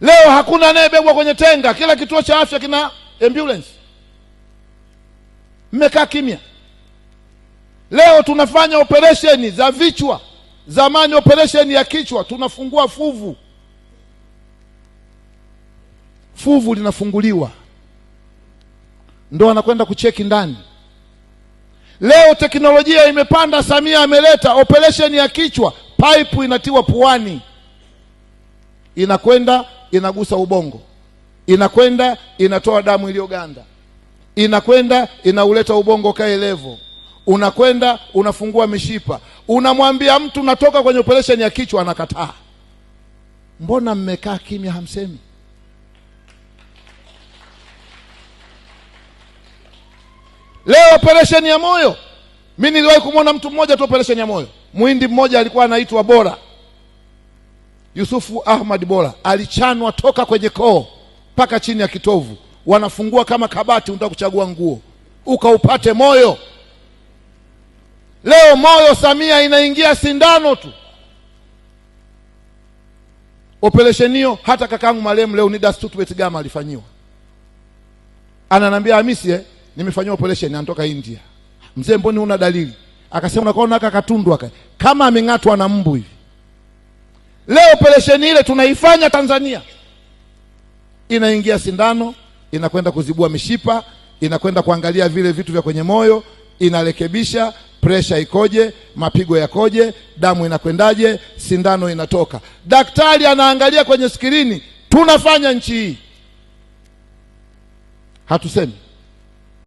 Leo hakuna anayebebwa kwenye tenga, kila kituo cha afya kina ambulance. Mmekaa kimya. Leo tunafanya operesheni za vichwa, zamani operesheni ya kichwa, tunafungua fuvu. Fuvu linafunguliwa ndo anakwenda kucheki ndani. Leo teknolojia imepanda, Samia ameleta operesheni ya kichwa, pipe inatiwa puani, inakwenda inagusa ubongo, inakwenda inatoa damu iliyoganda, inakwenda inauleta ubongo kae levo, unakwenda unafungua mishipa. Unamwambia mtu natoka kwenye operesheni ya kichwa, anakataa. Mbona mmekaa kimya, hamsemi? Leo operesheni ya moyo, mi niliwahi kumwona mtu mmoja tu operesheni ya moyo, mwindi mmoja alikuwa anaitwa Bora Yusufu Ahmad bora alichanwa toka kwenye koo mpaka chini ya kitovu, wanafungua kama kabati, unataka kuchagua nguo ukaupate moyo. Leo moyo Samia inaingia sindano tu, operesheni hiyo. Hata kakaangu marehemu leo Nidas Tutbet Gama alifanyiwa, ananiambia Hamisi, eh, nimefanyiwa operesheni, anatoka India. Mzee, mboni una dalili? Akasema unakuona, aka katundwa kama ameng'atwa na mbu hivi Leo operesheni ile tunaifanya Tanzania, inaingia sindano, inakwenda kuzibua mishipa, inakwenda kuangalia vile vitu vya kwenye moyo, inarekebisha presha ikoje, mapigo yakoje, damu inakwendaje, sindano inatoka, daktari anaangalia kwenye skrini. Tunafanya nchi hii, hatusemi